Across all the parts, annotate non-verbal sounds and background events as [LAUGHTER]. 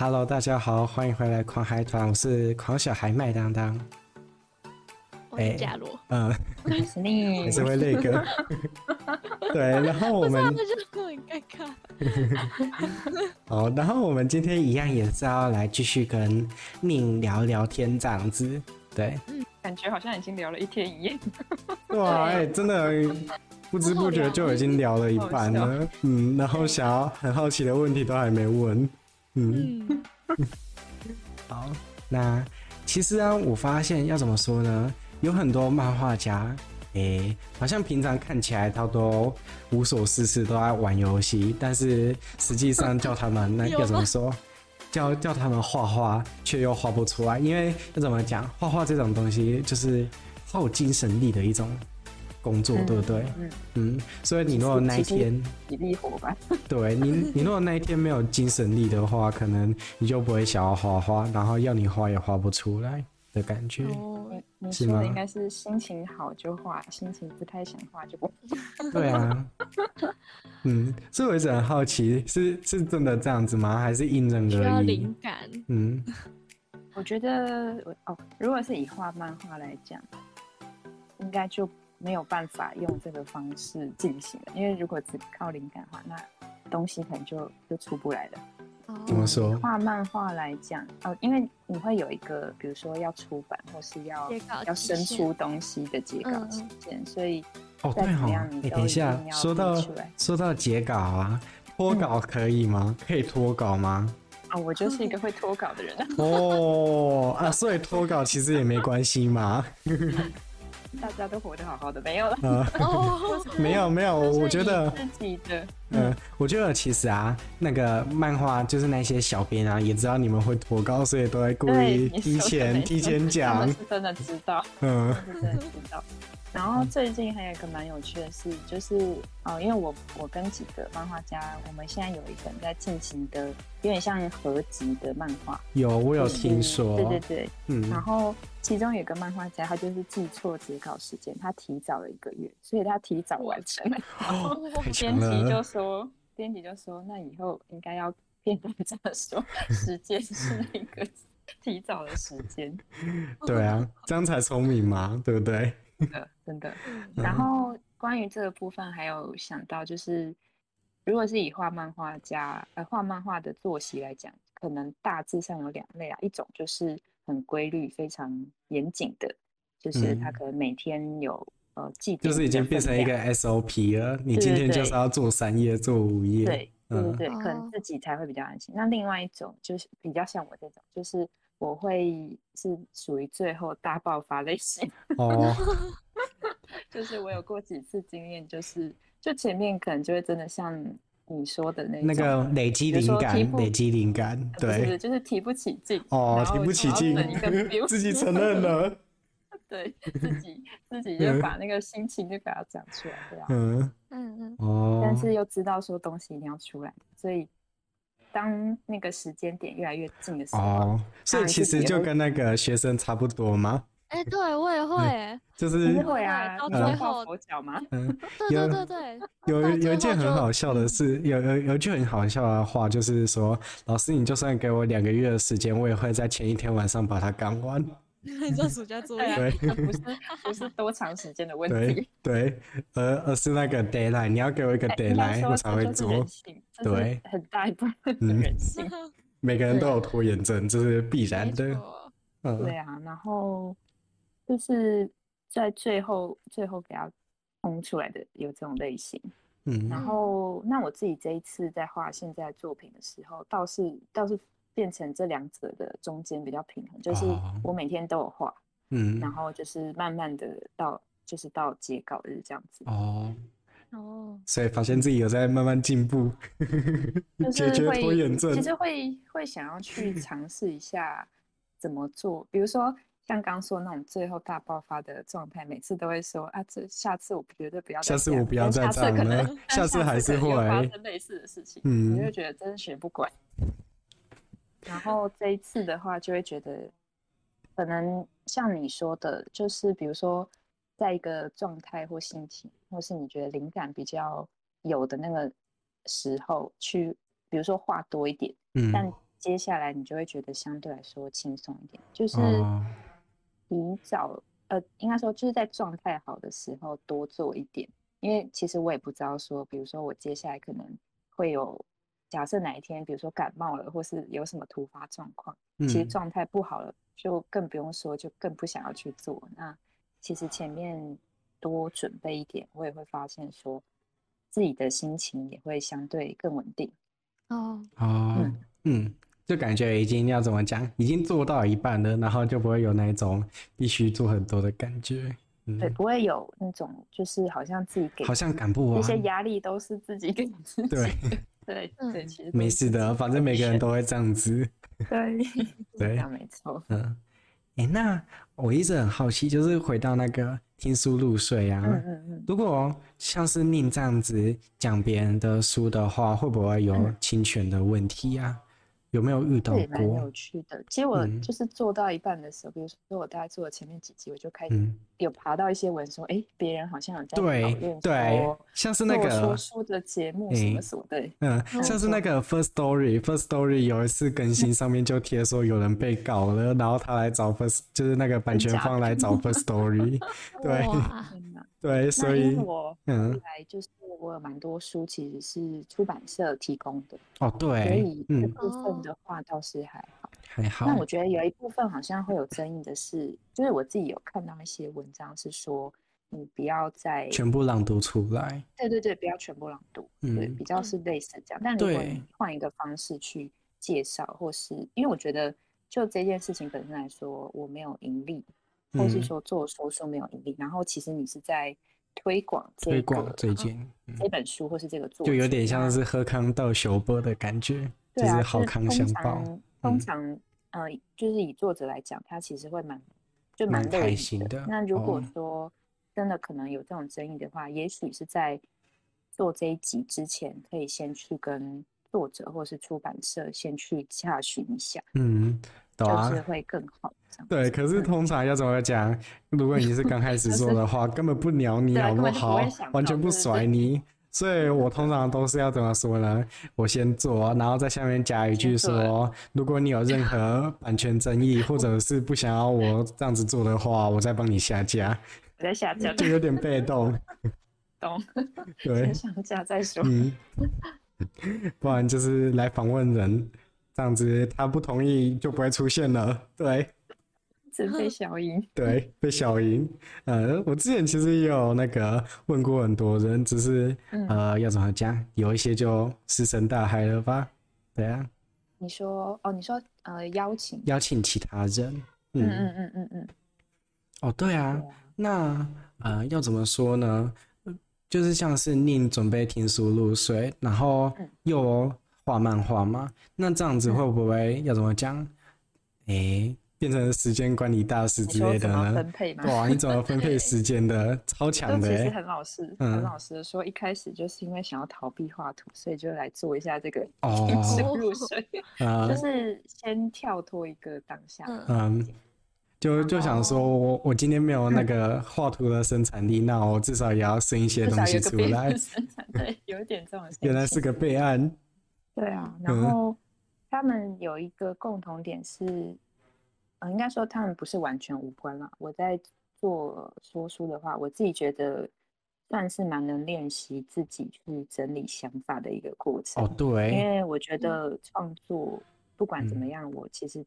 Hello，大家好，歡迎回來狂海團，我是狂小孩麥當當。我是嘉羅，嗯、欸，開、呃、始你也是位累哥。 [LAUGHS] 對，然後我們，上次就過敏感卡。啊、 [LAUGHS] [LAUGHS] 好，然後我們今天一樣也是要來繼續跟寧聊聊天這樣子，對、嗯。感覺好像已經聊了一天一夜。 [LAUGHS] 哇，哎、欸，真的不知不覺就已經聊了一半了，我嗯，然後想要對很好奇的問題都還沒問。嗯， [LAUGHS] 好。那其實啊，我發現要怎麼說呢？有很多漫畫家，哎、欸，好像平常看起來他都無所事事，都愛玩遊戲。但是實際上叫他們， [LAUGHS] 那要怎麼說？叫叫他們畫畫，卻又畫不出來。因為要怎麼講，畫畫這種東西就是耗精神力的一種工作、嗯、對不對？嗯，嗯，所以你如果那一天體力活吧， [LAUGHS] 對，你你如果那一天沒有精神力的話，可能你就不會想要畫畫，然後要你畫也畫不出來的感覺，哦、是嗎？你說的應該是心情好就畫，心情不太想畫就不會，對啊， [LAUGHS] 嗯，所以我一直很好奇，是是真的這樣子嗎？還是因人而異？需要靈感。嗯，我覺得哦，如果是以畫漫畫來講，應該就。沒有辦法用這個方式進行的，因為如果只靠靈感的話，那東西可能就就出不來了。嗯、怎麼說？畫漫畫來講，哦，因為你會有一個，比如說要出版或是要要伸出東西的截稿期限，嗯、所以哦，哦你一、欸、等一下，說到說到截稿啊，拖稿可以嗎？嗯、可以拖稿嗎？哦，我就是一個會拖稿的人啊哦 [LAUGHS] 啊，所以拖稿其實也沒關係嘛。 [LAUGHS] 大家都活得好好的，沒有了，沒有沒有，沒有自己的我覺得。嗯，嗯，我覺得其實啊，那個漫畫就是那些小編啊，也知道你們會拖稿，所以都在故意提前提前講。真的，真的知道，嗯，真的知道。 [LAUGHS] 然後最近還有一個蠻有趣的事，就是哦、呃，因為我我跟幾個漫畫家，我們現在有一個在進行的有點像合集的漫畫。有，我有聽說。嗯、對對對，嗯。然後其中有個漫畫家，他就是記錯截稿時間，他提早了一個月，所以他提早完成了。編輯就是。說編輯就說，那以後應該要變大家說，時間是那個提早的時間， [LAUGHS] 對啊，這樣才聰明嘛， [LAUGHS] 對不對？對，真的。然後關於這個部分，還有想到就是，如果是以畫漫畫家，呃，畫漫畫的作息來講，可能大致上有兩類啊，一種就是很規律、非常嚴謹的，就是他可能每天有。就是已經變成一個 SOP 了，你今天就是要做三頁，做五頁。對對對，可能自己才會比較安心。那另外一種就是比較像我這種，就是我會是屬於最後大爆發類型。哦，就是我有過幾次經驗，就是就前面可能就會真的像你說的那那個累積靈感，累積靈感，對，就是提不起勁。哦，提不起勁，自己承認了。對，自己自己就把那個心情就把它講出來這樣。嗯嗯嗯，哦、嗯，但是又知道說東西一定要出來，所以當那個時間點越來越近的時候、哦，所以其實就跟那個學生差不多嗎？哎、欸，對我也會，嗯、就是我也會啊，到最後腳、嗯、對對對，對有有，有一件很好笑的事。有有有一句很好笑的話，就是說老師，你就算給我兩個月的時間，我也會在前一天晚上把它幹完。做 [LAUGHS] 暑假作業，它對、啊、不是不是多長時間的問題，對而而、呃、是那個 deadline 你要給我一個 deadline、欸、我才會做，欸、對，很大一部分人性、嗯，每個人都有拖延症，這對是必然的，哦、啊對啊，然後就是在最後最後給他轟出來的有這種類型，嗯，然後那我自己這一次在畫現在作品的時候，倒是倒是。變成這兩者的中間比較平衡，就是我每天都有畫，嗯，oh. 然後就是慢慢的到，就是到截稿日這樣子哦哦，oh. oh. 所以發現自己有在慢慢進步，oh. 解決拖延症，其實會會想要去嘗試一下怎麼做，比如說像剛剛說那種最後大爆發的狀態， [LAUGHS] 每次都會說啊，這下次我絕對不要再，下次我不要再，下次可能下次還是會發生類似的事情，嗯，你會覺得真學不乖。 [LAUGHS] 然後這一次的話，就會覺得，可能像你說的，就是比如說，在一個狀態或心情，或是你覺得靈感比較有的那個時候去，比如說畫多一點，嗯，但接下來你就會覺得相對來說輕鬆一點，就是比較，哦、呃，應該說就是在狀態好的時候多做一點，因為其實我也不知道說，比如說我接下來可能會有。假設哪一天，比如說感冒了，或是有什麼突發狀況，其實狀態不好了，嗯、就更不用說，就更不想要去做。那其實前面多準備一點，我也會發現說，自己的心情也會相對更穩定。哦、嗯、哦，嗯，就感覺已經要怎麼講，已經做到一半了，然後就不會有那種必須做很多的感覺。嗯、對，不會有那種就是好像自己給，好像趕不完那些壓力都是自己給自己。對。對對，其實沒事的，反正每個人都會這樣子。對對，沒錯。嗯、欸，那我一直很好奇，就是回到那個聽書入睡啊，嗯嗯嗯，如果像是 nin 這樣子講別人的書的話，會不會有侵權的問題呀、啊？嗯有沒有遇到過？蠻有趣的。其實我就是做到一半的時候，比如說我大概做了前面幾集，我就開始有爬到一些文，說哎，別人好像有在討論。對對，像是那個說書的節目什麼什麼對。嗯，像是那個 First Story，First Story 有一次更新上面就貼說有人被告了，然後他來找 First，就是那個版權方來找 First Story。對，對，所以嗯，來就是。我有蠻多書，其實是出版社提供的哦，對，所以這部分的話、哦，倒是還好，還好。那我覺得有一部分好像會有爭議的是，就是我自己有看到一些文章是說，你不要再全部朗讀出來，對對對，不要全部朗讀，嗯對，比較是類似這樣。但如果你換一個方式去介紹，或是對因為我覺得就這件事情本身來說，我沒有盈利，或是說做手術沒有盈利，嗯、然後其實你是在。推廣推廣最近這本書或是這個作，嗯，就有點像是好康逗相報的感覺，嗯、就是好康相報。通常、嗯、通常呃，就是以作者來講，他其實會蠻就蠻，蠻開心的。那如果說真的可能有這種爭議的話，哦、也許是在做這一集之前，可以先去跟作者或是出版社先去洽詢一下。嗯。啊、就是會更好，對，可是通常要怎麼講？嗯、如果你是剛開始做的話，就是、根本不鳥你，好不好？啊、不完全不甩你。就是、所以我通常都是要怎麼說呢？我先做，然後在下面加一句說：如果你有任何版權爭議，或者是不想要我這樣子做的話，我再幫你下架。在下架，就有點被動。 [LAUGHS] 懂。對。先上架再說。嗯。不然就是來訪問人。這樣子，他不同意就不會出現了。對，準備消音。 [LAUGHS] 對，被消音、呃。我之前其實也有那個問過很多人，只是、嗯、呃，要怎麼講，有一些就石沉大海了吧。對啊。你說哦，你說呃，邀請邀請其他人。嗯嗯嗯嗯嗯。嗯嗯嗯哦，對啊，對啊，那呃，要怎麼說呢？就是像是 nin 準備聽書入睡，然後又。畫漫畫嗎？那這樣子會不會要怎麼講？誒、嗯欸，變成時間管理大師之類的呢？分配嗎？哇，你怎麼分配時間的？ [LAUGHS] [LAUGHS] 超強的、欸。其實很老實，很老實的說，一開始就是因為想要逃避畫圖，所以就來做一下這個。哦。 [LAUGHS] 嗯、就是先跳脫一個當下。嗯。就後就想說我我今天沒有那個畫圖的生產力，那我至少也要生一些東西出來。有，生產對，有點這種。 [LAUGHS] 原來是個備案。對啊，然後他們有一個共同點是，嗯呃、應該說他們不是完全無關了。我在做說書的話，我自己覺得算是蠻能練習自己去整理想法的一個過程。哦，對，因為我覺得創作不管怎麼樣，嗯、我其實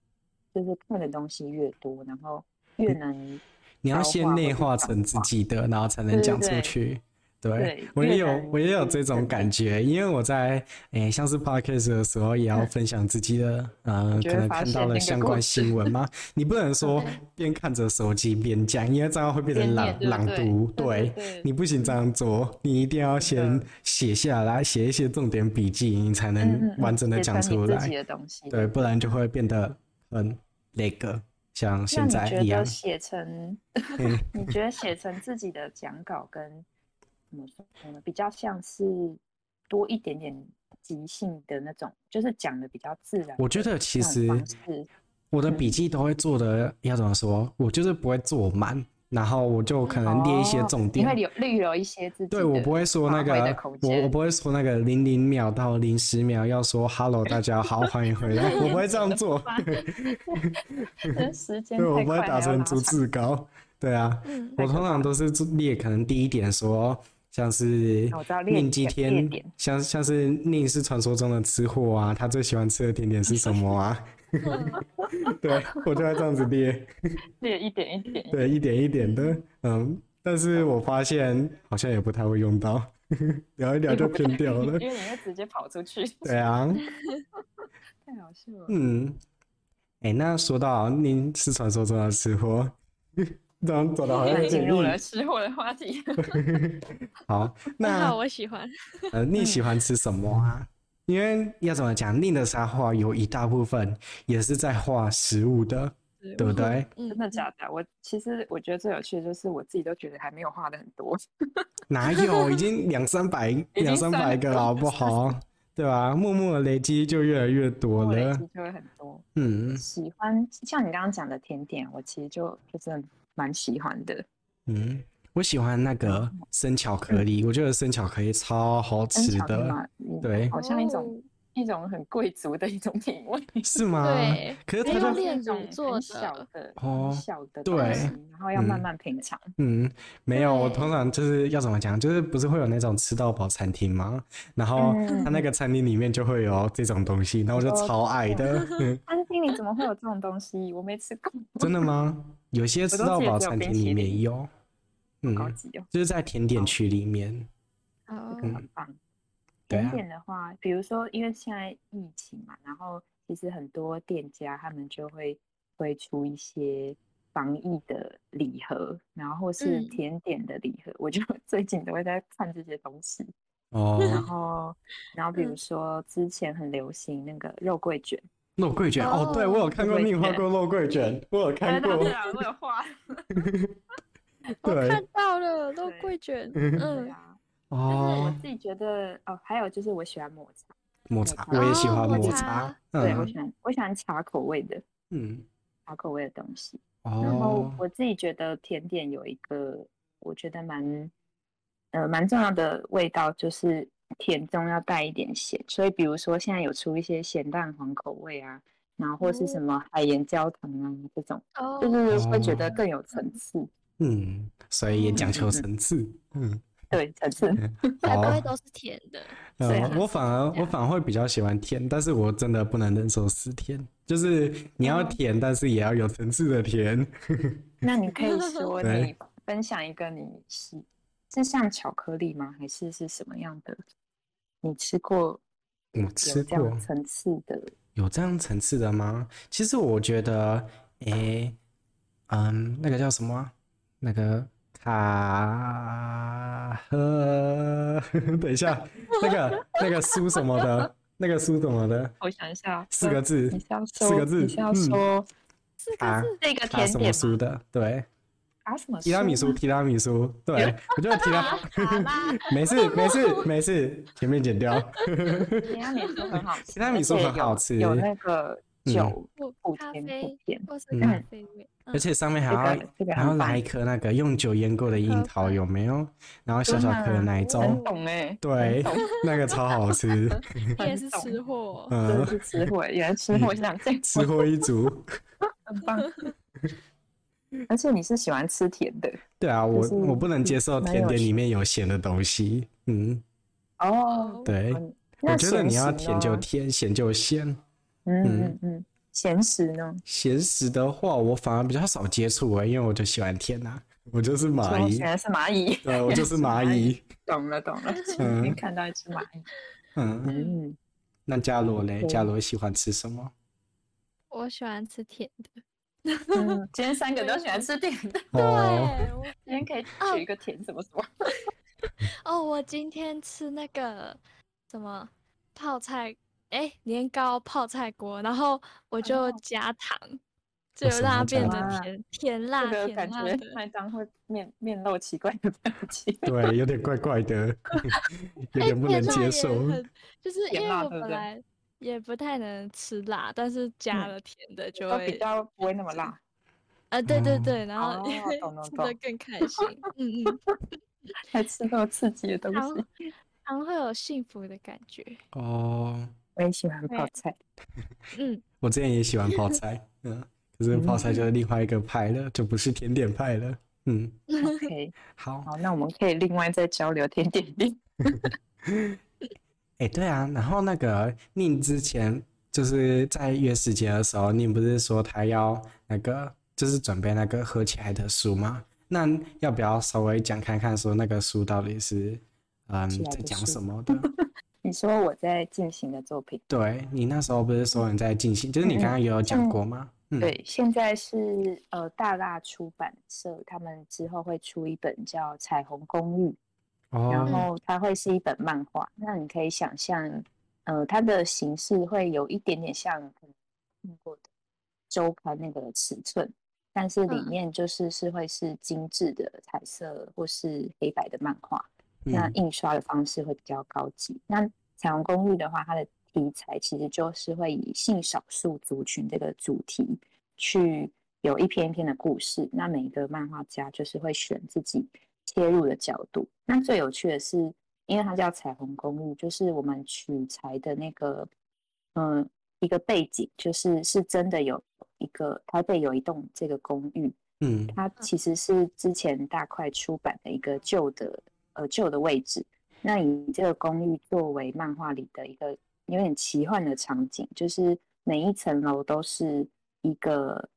就是看的東西越多，然後越能、嗯。你要先內化成自己的，然後才能講出去。對對對對，我也有，我也有這種感覺。因為我在誒，像是 podcast 的時候，也要分享自己的，嗯，可能看到了相關新聞嘛。你不能說邊看着手機邊講，因為這樣會變成朗朗讀。對，你不行這樣做，你一定要先寫下來，寫一些重點筆記，你才能完整的講出來。自己的東西，對，不然就會變得很那個，像現在一樣。要寫成，你覺得寫成自己的講稿跟。怎比較像是多一點點即興的那種，就是講的比較自然。我覺得其實我的筆記都會做的，要怎麼說？我就是不會做滿，然後我就可能列一些重點。哦、你會留預留一些自己？對，我不會說那個，我我不會說那個零零秒到零十秒要說 “hello，大家好，歡迎回來”， [LAUGHS] 我不會這樣做。 [LAUGHS] 時間太對，我不會打成逐字稿。嗯、對啊，我通常都是列可能第一點說。像是寧幾天，點像像是寧是傳說中的吃貨啊，他最喜歡吃的甜點是什麼啊？ [LAUGHS] [LAUGHS] [LAUGHS] 對，我就要這樣子列列 [LAUGHS] 一點一點，對，一點一點的，嗯，但是我發現好像也不太會用到， [LAUGHS] 聊一聊就偏掉了， [LAUGHS] 因為你會直接跑出去。對啊， [LAUGHS] 太好笑了。嗯，哎、欸，那說到寧是傳說中的吃貨。突然走的好像進入了吃貨的話題。好，那我喜歡。嗯、呃，你喜歡吃什麼啊？因為要怎麼講，nin 的插畫有一大部分也是在畫食物的，是對不對？真的假的？我,、嗯、我其實我覺得最有趣的就是我自己都覺得還沒有畫的很多。哪有？已經兩三百，兩 [LAUGHS] 三百個了好不好？是是對吧、啊？默默的累積就越來越多了，就會很多。嗯，喜歡像你剛剛講的甜點，我其實就就真、是。蠻喜歡的，嗯，我喜歡那個生巧克力，我覺得生巧克力超好吃的，對，好像一種一種很貴族的一種品味，是嗎？對，可是它就那種做小的哦，小的對，然後要慢慢品嘗。嗯，沒有，我通常就是要怎麼講，就是不是會有那種吃到飽餐廳嗎？然後他那個餐廳裡面就會有這種東西，然後就超愛的。 [LAUGHS] 你怎麼會有這種東西？我沒吃過。真的嗎？有些吃到飽餐廳裡面有，有面有嗯，就是在甜點區裡面，哦嗯、這個很棒。甜點的話，比如說，因為現在疫情嘛，然後其實很多店家他們就會推出一些防疫的禮盒，然後是甜點的禮盒，嗯、我就最近都會在看這些東西。哦。然後，然後比如說之前很流行那個肉桂卷。肉桂卷哦，對，我有看過蜜花果肉桂卷，我有看過。我有畫。我看到了肉桂卷，嗯，對啊，哦。我自己覺得哦，還有就是我喜歡抹茶。抹茶我也喜歡抹茶。對，我喜歡我喜歡茶口味的，嗯，茶口味的東西。然後我自己覺得甜點有一個我覺得蠻呃蠻重要的味道就是。甜中要帶一點鹹，所以比如說現在有出一些鹹蛋黃口味啊，然後或是什麼海鹽焦糖啊這種，oh. 就是會覺得更有層次，哦。嗯，所以也講求層次。嗯，對，層次，都是甜的。我反而我反而會比較喜歡甜，但是我真的不能忍受死甜，就是你要甜，嗯、但是也要有層次的甜。那你可以說 [LAUGHS] 對你分享一個你是是像巧克力嗎？還是是什麼樣的？你吃過？我、嗯、吃過層次的，有這樣層次的嗎？其實我覺得，哎、欸，嗯，那個叫什麼？那個卡呵，呵，等一下， [LAUGHS] 那個那個書什麼的，那個書什麼的，我想一下，四個字，四個字，嗯、四個字，那卡個甜點酥的，對。提拉米蘇？提拉米蘇，對，我就提拉，沒事沒事沒事，前面剪掉。提拉米蘇很好吃，有那個酒咖啡，或者是咖啡面，而且上面還要還要來一顆那個用酒醃過的櫻桃，有沒有？然後小小顆的奶，懂，對，那個超好吃。原來是吃貨，嗯，吃貨原來吃貨，兩個，吃貨一組，很棒。而且你是喜歡吃甜的，對啊，我我不能接受甜點裡面有鹹的東西，嗯，哦，對，我覺得你要甜就甜，鹹就鹹，嗯嗯嗯，鹹食呢？鹹食的話，我反而比較少接觸，因為我就喜歡甜啊，我就是螞蟻，我就是螞蟻，對，我就是螞蟻，懂了懂了，看到一只螞蟻，嗯，那伽羅呢？伽羅喜歡吃什麼？我喜歡吃甜的。今天三個都喜歡吃甜的，對，我今天可以取一個甜什麼什麼。哦，我今天吃那個什麼泡菜？哎，年糕泡菜鍋，然後我就加糖，就讓它變成甜甜辣的，辣。感覺麥當會面面露奇怪的表情，對，有點怪怪的，有點不能接受，就是因為我本來。也不太能吃辣，但是加了甜的就會、嗯、比較不會那麼辣。啊、呃，對對對，嗯、然後吃得更開心，哦、懂懂 [LAUGHS] 嗯嗯，還吃到刺激的東西，然後會有幸福的感覺。哦，我也喜歡泡菜。欸、嗯， [LAUGHS] 我之前也喜歡泡菜，嗯， [LAUGHS] 可是泡菜就是另外一個派了，就不是甜點派了，嗯。嗯 OK，好，好，那我們可以另外再交流甜點店。 [LAUGHS] 哎、欸，對啊，然後那個 nin 之前就是在約時間的時候，nin 不是說他要那個就是準備那個合起來的書嗎？那要不要稍微講看看，說那個書到底是嗯在講什麼的？ [LAUGHS] 你說我在進行的作品，對你那時候不是說你在進行，就是你剛剛也有講過嗎？對、嗯，嗯、現在是呃大辣出版社，他們之後會出一本叫《彩虹公寓》。然後它會是一本漫畫，哦、那你可以想象，呃，它的形式會有一點點像你看過的周刊那個尺寸，但是裡面就是是會是精緻的彩色或是黑白的漫畫，嗯、那印刷的方式會比較高級。那彩虹公寓的話，它的題材其實就是會以性少數族群這個主題去有一篇一篇的故事，那每一個漫畫家就是會選自己。切入的角度，那最有趣的是，因為它叫彩虹公寓，就是我們取材的那個，嗯、呃，一個背景，就是是真的有一個台北有一棟這個公寓，嗯，它其實是之前大塊出版的一個舊的呃舊的位置，那以這個公寓作為漫畫裡的一個有點奇幻的場景，就是每一層樓都是一個。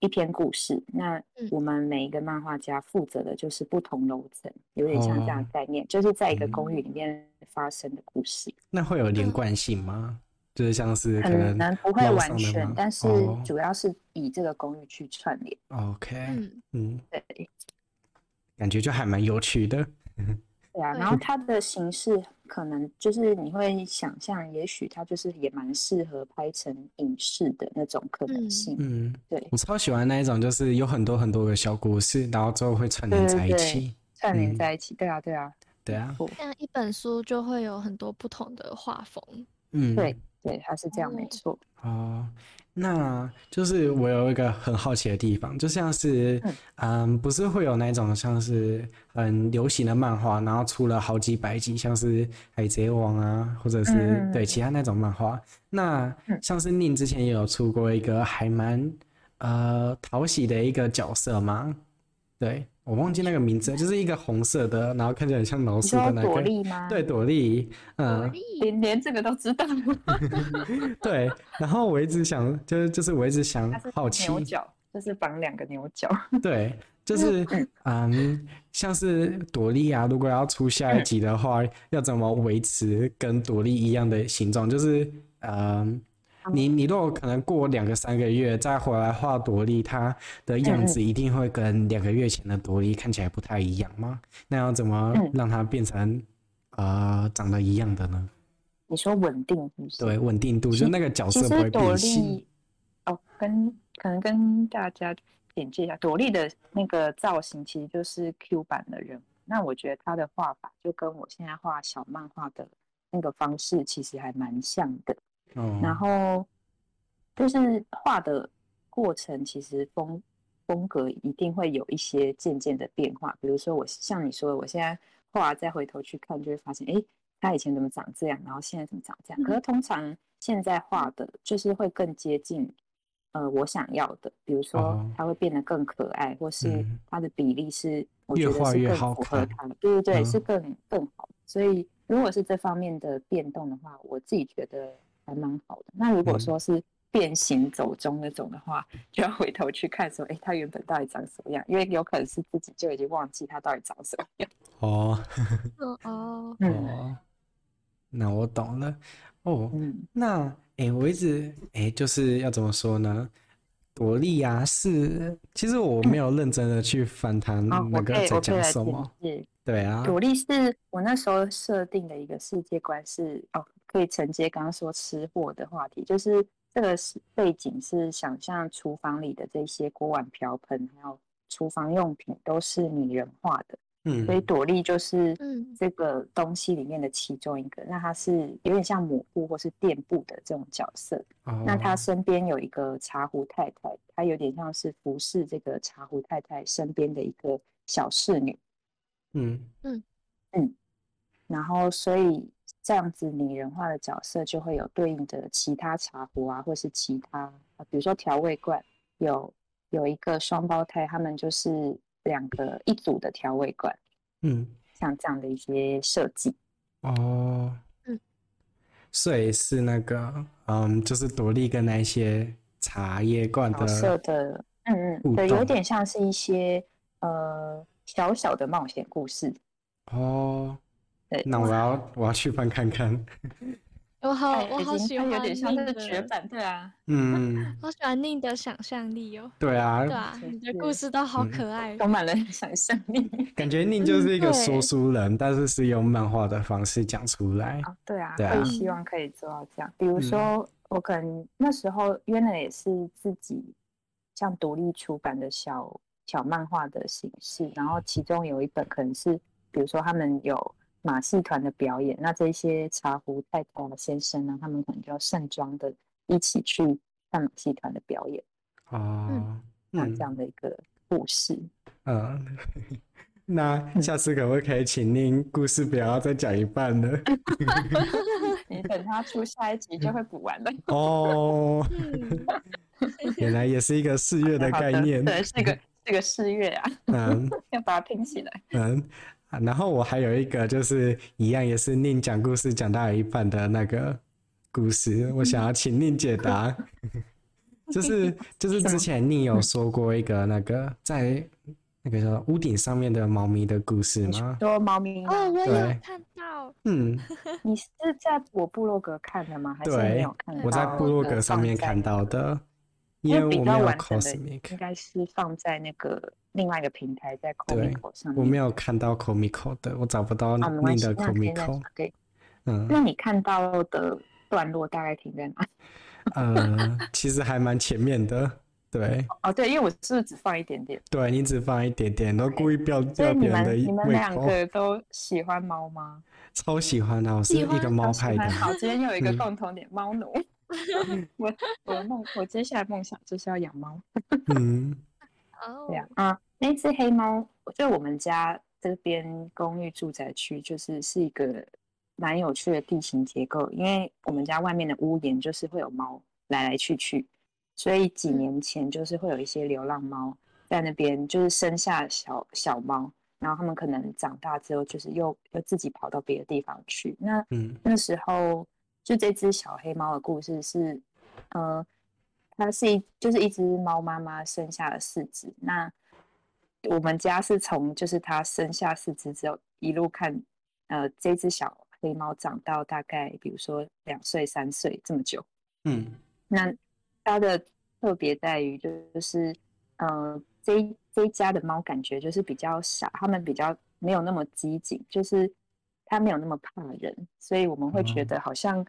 一篇故事，那我們每一個漫畫家負責的就是不同樓層，有點像這樣概念，哦、就是在一個公寓裡面發生的故事。嗯、那會有連貫性嗎？嗯、就是像是可能不會完全，但是主要是以這個公寓去串聯，哦。OK，嗯，嗯對，感覺就還蠻有趣的。 [LAUGHS] 對啊，然後它的形式可能就是你會想象，也許它就是也蠻適合拍成影視的那種可能性。嗯，對，我超喜歡那一種，就是有很多很多的小故事，然後最後會串聯在一起，串聯在一起。嗯，對啊，對啊，對啊，對啊。像一本書就會有很多不同的畫風。嗯，對對，它是這樣沒錯哦。嗯那就是我有一個很好奇的地方，嗯、就像是，嗯，不是會有那種像是很流行的漫畫，然後出了好幾百集，像是《海賊王》啊，或者是、嗯、對，其他那種漫畫。那像是 nin 之前也有出過一個還蠻呃討喜的一個角色嗎？對。我忘記那個名字，就是一個紅色的，然後看起來很像老鼠的那個。對，朵莉。嗯、呃。連連這個都知道 [LAUGHS] [LAUGHS] 對。然後我一直想，就是就是我一直想好奇。牛角就是綁兩個牛角。角 [LAUGHS] 對，就是嗯，像是朵莉啊，如果要出下一集的話，嗯、要怎麼維持跟朵莉一樣的形狀？就是嗯。你你如果可能過兩個三個月再回來畫朵莉，她的樣子一定會跟兩個月前的朵莉看起來不太一樣嗎？那要怎麼讓她變成啊、嗯呃、長得一樣的呢？你說穩定是不是？對，穩定度就是那個角色不會變形。哦，跟可能跟大家簡介一下朵莉的那個造型，其實就是 Q 版的人，那我覺得他的畫法就跟我現在畫小漫畫的那個方式其實還蠻像的。然後就是畫的過程，其實風風格一定會有一些漸漸的變化。比如說，我像你說的，我現在畫，再回頭去看，就會發現，哎，他以前怎麼長這樣，然後現在怎麼長這樣。嗯、可是通常現在畫的，就是會更接近呃我想要的。比如說，他會變得更可愛，或是他的比例是、嗯、我覺得是更符合他的，對對對，嗯、是更更好。所以如果是這方面的變動的話，我自己覺得，還蠻好的。那如果說是變形走鐘，那種的話，嗯、就要回頭去看說，哎、欸，他原本到底長什麼樣？因為有可能是自己就已經忘記他到底長什麼樣。哦，哦,哦,嗯、哦，那我懂了。哦，嗯、那哎、欸，我一直哎、欸，就是要怎麼說呢？朵莉啊是，是其實我沒有認真的去反彈那個、嗯哦、okay, 在講什麼。對，okay, 對啊。朵莉是我那時候設定的一個世界觀是哦。可以承接剛剛說吃貨的話題，就是這個是背景是想象廚房裡的這些鍋碗瓢盆，還有廚房用品都是擬人化的，嗯，所以朵莉就是這個東西裡面的其中一個，嗯、那她是有點像抹布或是墊布的這種角色，哦、那她身邊有一個茶壺太太，她有點像是服侍這個茶壺太太身邊的一個小侍女，嗯嗯嗯，然後所以。這樣子擬人化的角色就會有對應的其他茶壺啊，或是其他，比如說調味罐，有有一個雙胞胎，他們就是兩個一組的調味罐，嗯，像這樣的一些設計。哦，嗯，所以是那個，嗯，就是朵立跟那些茶葉罐的，色的，嗯嗯，對，有點像是一些呃小小的冒險故事。哦。那我要我要去翻看看。我好我好喜歡，有點像那個絕版，對啊，嗯，好喜歡寧的想象力哦。對啊，對啊，你的故事都好可愛，充滿了想象力。感覺寧就是一個說書人，但是是用漫畫的方式講出來。對啊，對啊，希望可以做到這樣。比如說，我可能那時候原來也是自己像獨立出版的小小漫畫的形式，然後其中有一本可能是，比如說他們有。馬戲團的表演，那這些茶壺、帶的先生呢？他們可能就要盛裝的一起去看馬戲團的表演啊、嗯。那這樣的一個故事嗯，嗯，那下次可不可以請您故事不要再講一半呢？ [LAUGHS] [LAUGHS] 你等他出下一集就會補完的哦。 [LAUGHS] 原來也是一個四月的概念，那對，是一個，是個四月啊，嗯， [LAUGHS] 要把它拼起來，嗯。啊、然後我還有一個就是一樣也是寧講故事講到一半的那個故事，我想要請寧解答，嗯、 [LAUGHS] [LAUGHS] 就是就是之前寧有說過一個那個在那個叫屋頂上面的貓咪的故事嗎？多貓咪，對，哦、我有看到， [LAUGHS] 嗯，你是在我部落格看的嗎？還是沒有看？對，我在部落格上面看到的。哦因為我沒有 cosmic，應該是放在那個另外一個平台在 Comico 上面。我沒有看到 Comico 的，我找不到、啊、ico 那裡面的 Comico 嗯，那你看到的段落大概停在哪裡？呃，其實還蠻前面的，對。哦，對，因為我是不是只放一點點？對你只放一點點，然後故意標標重點的。對你們，你們兩個都喜歡貓嗎？超、嗯、喜歡的，是一個貓派的。好,好，今天又有一個共同點， [LAUGHS] 貓奴。 [LAUGHS] [LAUGHS] 我我的夢，我接下來夢想就是要養貓。嗯， [LAUGHS] 對啊，啊那隻黑貓，就我們家這邊公寓住宅區，就是是一個蠻有趣的地形結構，因為我們家外面的屋檐就是會有貓來來去去，所以幾年前就是會有一些流浪貓在那邊，就是生下小小貓，然後它們可能長大之後，就是又又自己跑到別的地方去。那那時候。就這隻小黑貓的故事是，呃，它是一，就是一隻貓媽媽生下了四隻。那我們家是從就是它生下四隻之後，一路看，呃，這隻小黑貓長到大概，比如說兩歲、三歲這麼久。嗯，那它的特別在於就是，呃，這這家的貓感覺就是比較傻，它們比較沒有那麼機警，就是它沒有那麼怕人，所以我們會覺得好像、嗯。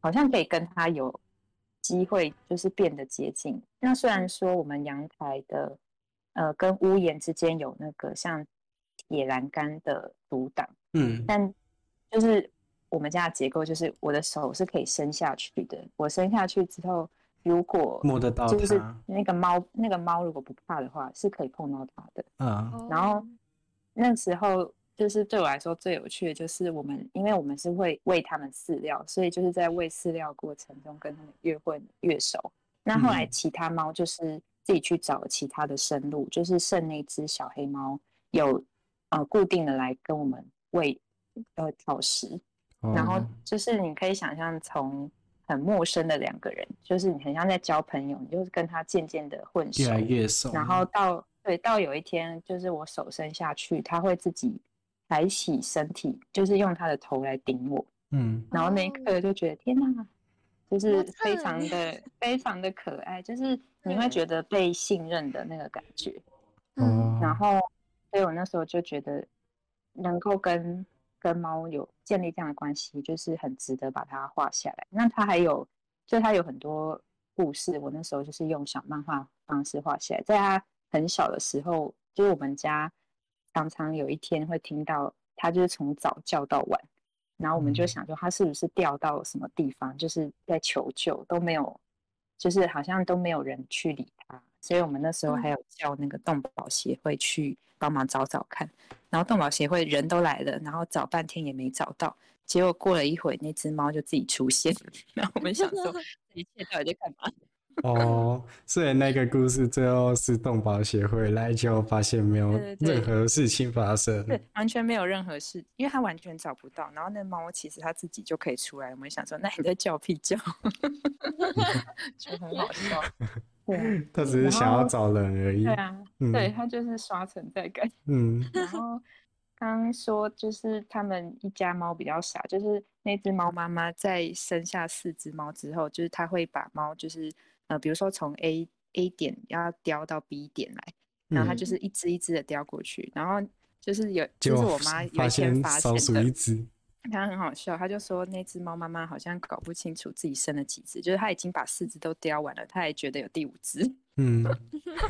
好像可以跟它有機會，就是變得接近。那雖然說我們陽台的，嗯、呃，跟屋檐之間有那個像鐵欄杆的阻擋，嗯，但就是我們家的結構，就是我的手是可以伸下去的。我伸下去之後，如果摸得到就是那個貓，那個貓如果不怕的話，是可以碰到它的。嗯，然後那時候。就是對我來說，最有趣的就是我們，因為我們是會餵它們飼料，所以就是在餵飼料過程中跟它們越混越熟。那後來其他貓就是自己去找其他的生路，嗯、就是剩那隻小黑貓有啊、呃、固定的來跟我們餵呃挑食，哦、然後就是你可以想象從很陌生的兩個人，就是你很像在交朋友，你就是跟它漸漸的混熟越來越熟、啊，然後到對到有一天就是我手伸下去，它會自己，抬起身體，就是用它的頭來頂我，嗯，然後那一刻就覺得、oh. 天哪，就是非常的 [LAUGHS] 非常的可愛，就是你會覺得被信任的那個感覺，oh. 嗯，然後，所以我那時候就覺得能夠跟跟貓有建立這樣的關係，就是很值得把它畫下來。那它還有，就它有很多故事，我那時候就是用小漫畫方式畫下來，在它很小的時候，就我們家。常常有一天會聽到，它就是從早叫到晚，然後我們就想說，它是不是掉到什麼地方，嗯、就是在求救，都沒有，就是好像都沒有人去理它，所以我們那時候還有叫那個動保協會去幫忙找找看，然後動保協會人都來了，然後找半天也沒找到，結果過了一會，那隻貓就自己出現，然後我們想說，這一切 [LAUGHS] 到底在幹嘛？哦， [LAUGHS] oh, 所以那個故事最後是動保協會來就發現沒有任何事情發生，對,對,對，完全沒有任何事，因為他完全找不到。然後那貓其實它自己就可以出來，我們想說，那你在叫屁叫， [LAUGHS] [LAUGHS] [LAUGHS] 就很好笑。對啊、 [LAUGHS] 他只是想要找人而已。對啊，嗯、對他就是刷存在感。嗯， [LAUGHS] 然後剛說就是他們一家貓比較傻，就是那只貓媽媽在生下四只貓之後，就是它會把貓就是。呃，比如說從 A A 點要叼到 B 點來，嗯、然後它就是一隻一隻的叼過去，然後就是有就，就是我媽有一天發現，發現少了一隻，他很好笑，他就說那隻貓媽媽好像搞不清楚自己生了幾隻，就是他已經把四隻都叼完了，他還覺得有第五隻，嗯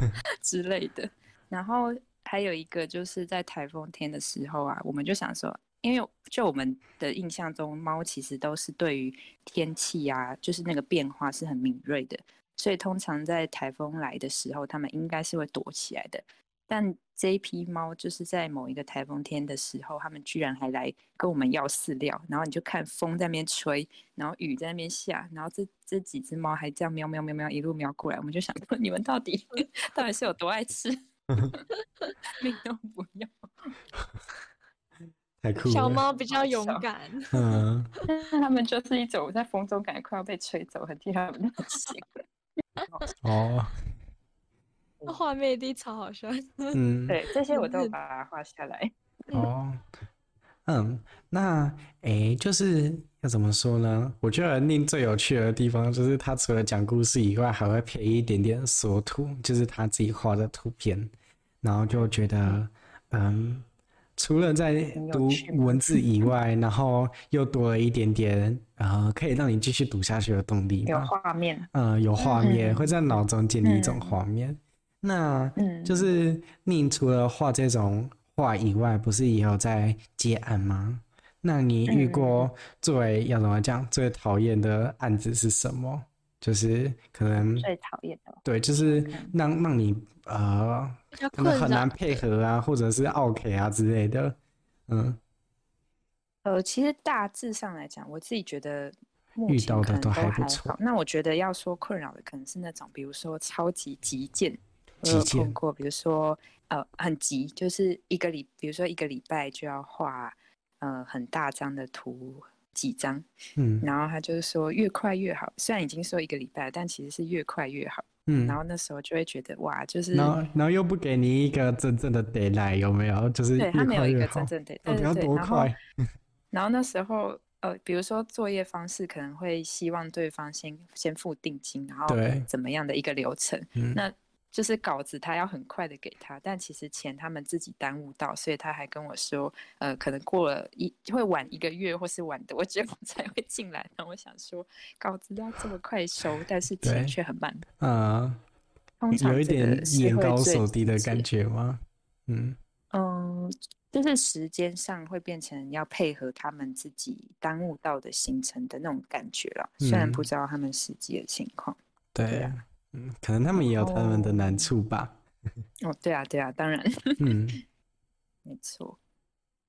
[LAUGHS] 之類的。然後還有一個就是在台風天的時候啊，我們就想說，因為就我們的印象中，貓其實都是對於天氣啊，就是那個變化是很敏銳的。所以通常在颱風來的時候，他們應該是會躲起來的。但這一批貓就是在某一個颱風天的時候，他們居然還來跟我們要飼料。然後你就看風在那邊吹，然後雨在那邊下，然後這這幾隻貓還這樣喵喵喵喵一路喵過來，我們就想說，你們到底到底是有多愛吃？不、嗯、 [LAUGHS] 都不要！太酷了。小貓比較勇敢。嗯， [LAUGHS] 他們就是一種在風中感覺快要被吹走，很替他們擔心。哦，畫面的超好笑。嗯，對，這些我都把它畫下來。嗯、 [LAUGHS] 哦，嗯，那哎、欸，就是要怎麼說呢？我覺得 nin 最有趣的地方就是他除了講故事以外，還會配一點點縮圖，就是他自己畫的圖片，然後就覺得，嗯，嗯，除了在讀文字以外， [LAUGHS] 然後又多了一點點。啊、呃，可以讓你繼續讀下去的動力。有畫面，呃，有畫面、嗯、會在腦中建立一種畫面。嗯、那，嗯，就是你除了畫這種畫以外，不是也有在接案嗎？那你遇過最、嗯、要怎麼講最討厭的案子是什麼？就是可能最討厭的，對，就是讓、嗯、讓你呃，可能很難配合啊，或者是奧客啊之類的，嗯。呃，其實大致上來講，我自己覺得遇到的都還不錯。那我覺得要說困擾的，可能是那種，比如說超級急件，急件健。過，比如說呃很急，就是一個禮，比如說一個禮拜就要畫呃很大張的圖，幾張。嗯。然後他就是說越快越好，雖然已經說一個禮拜，但其實是越快越好。嗯。然後那時候就會覺得哇，就是然後，然後又不給你一個真正的 deadline，有沒有？就是越快越好，要多快？ [LAUGHS] 然後那時候，呃，比如說作業方式可能會希望對方先先付定金，然後怎麼樣的一個流程？嗯、那就是稿子他要很快的給他，但其實錢他們自己耽誤到，所以他還跟我說，呃，可能過了一會晚一個月或是晚多久才會進來。那我想說，稿子要這麼快收，但是錢卻很慢，啊，呃、通常有一點眼高手低的感覺嗎？嗯。嗯，就是時間上會變成要配合他們自己耽誤到的行程的那種感覺了。嗯、雖然不知道他們實際的情況。對呀，對啊、嗯，可能他們也有他們的難處吧。哦， [LAUGHS] 哦，對啊，對啊，當然。嗯， [LAUGHS] 沒錯錯。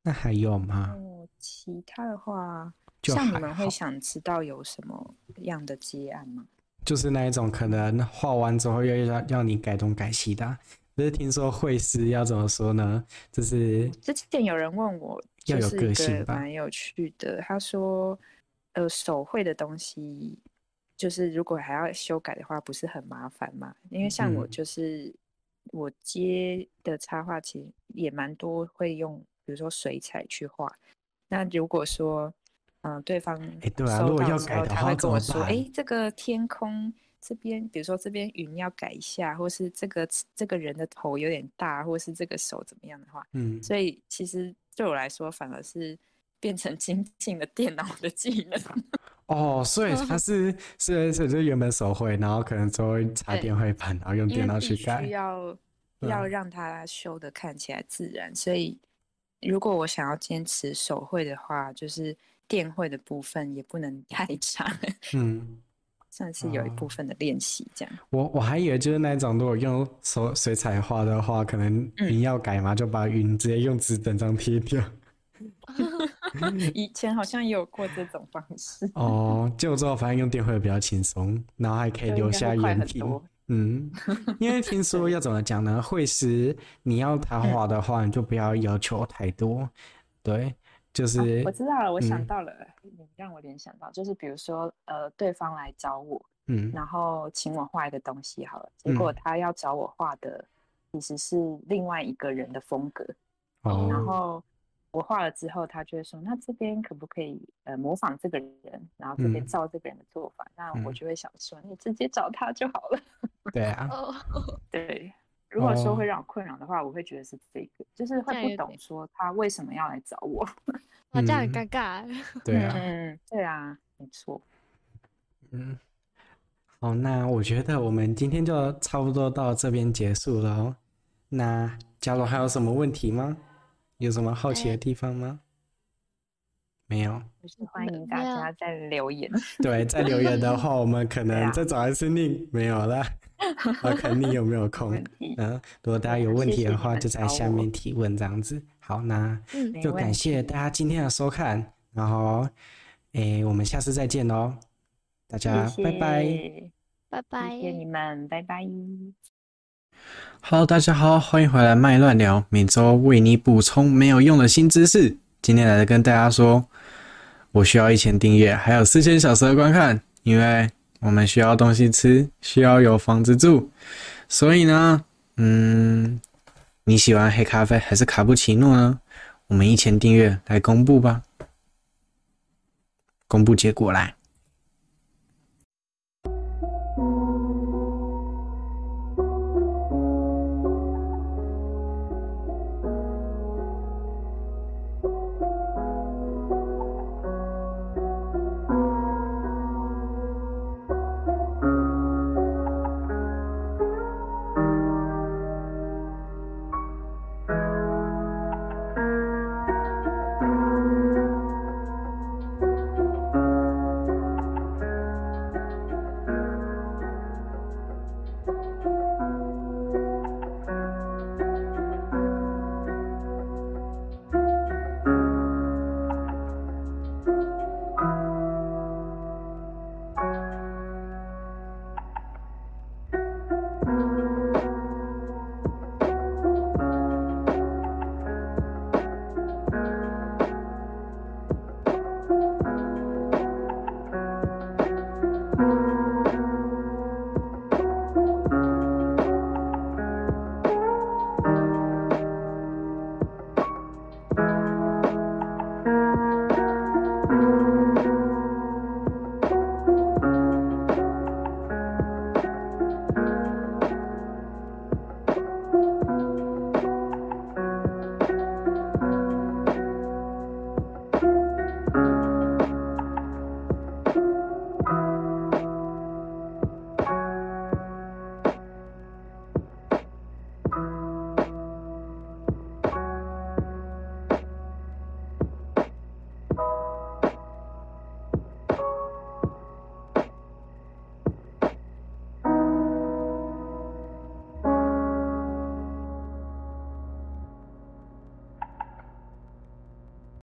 那還有嗎？其他的話，就 像你們會想知道有什麼樣的接案嗎？就是那一種可能畫完之後又要要你改東改西的啊。是聽說繪師要怎麼說呢？就是之前有人問我，要、就、有、是、個蠻有趣的。他說，呃，手繪的東西，就是如果還要修改的話，不是很麻煩嘛？因為像我，就是、嗯、我接的插畫，其實也蠻多會用，比如說水彩去畫。那如果說，嗯、呃，對方哎，欸、對啊，如果要改的話，他會跟我說，哎、欸、這個天空，這邊比如說這邊雲要改一下，或是這個這個人的頭有點大，或是這個手怎麼樣的話，嗯，所以其實對我來說反而是變成精進的電腦的技能。哦，所以它是 [LAUGHS] 是就是原本手繪，然後可能稍微插電繪板，嗯、然後用電腦去改。因為需要對要讓它修得看起來自然，所以如果我想要堅持手繪的話，就是電繪的部分也不能太差，嗯。算是有一部分的練習這樣。哦、我我還以為就是那種如果用手水彩畫的話，可能你要改嘛，嗯、就把雲直接用紙整張貼掉。 [LAUGHS] 以前好像也有過這種方式。哦，結果之後發現用電繪比較輕鬆，然後還可以留下原片。嗯，因為聽說要怎麼講呢？繪師你要他畫的話，你就不要要求太多，嗯、對。就是、哦、我知道了，我想到了，你、嗯、讓我聯想到，就是比如說，呃，對方來找我，嗯，然後請我畫一個東西好了。嗯、結果他要找我畫的其實是另外一個人的風格，哦、然後我畫了之後，他就會說，哦、那這邊可不可以呃模仿這個人，然後這邊照這個人的做法？嗯、那我就會想說，嗯、你直接找他就好了。對啊， [LAUGHS] 對，如果說會讓我困擾的話，我會覺得是這個。就是會不懂說他為什麼要來找我，那這樣很尷尬。對啊、嗯，對啊，沒錯。嗯，好，那我覺得我們今天就差不多到這邊結束了哦。那假如還有什麼問題嗎？有什麼好奇的地方嗎？欸沒有，我歡迎大家再留言。 [LAUGHS] 對，在留言的話，我們可能再找一次你，沒有了。我 [LAUGHS] 看你有沒有空。 [LAUGHS] 嗯，如果大家有問題的話，謝謝就在下面提問這樣子。好，那就感謝大家今天的收看，然後誒、嗯欸，我們下次再見囉。大家謝謝拜拜，拜拜，謝謝你們，拜拜。謝謝拜拜 Hello，大家好，歡迎回來麥亂聊，每周為你補充沒有用的新知識。今天來跟大家說。我需要一千訂閱，還有四千小時的觀看，因為我們需要東西吃，需要有房子住。所以呢，嗯，你喜歡黑咖啡還是卡布奇諾呢？我們一千訂閱來公布吧。公布結果來。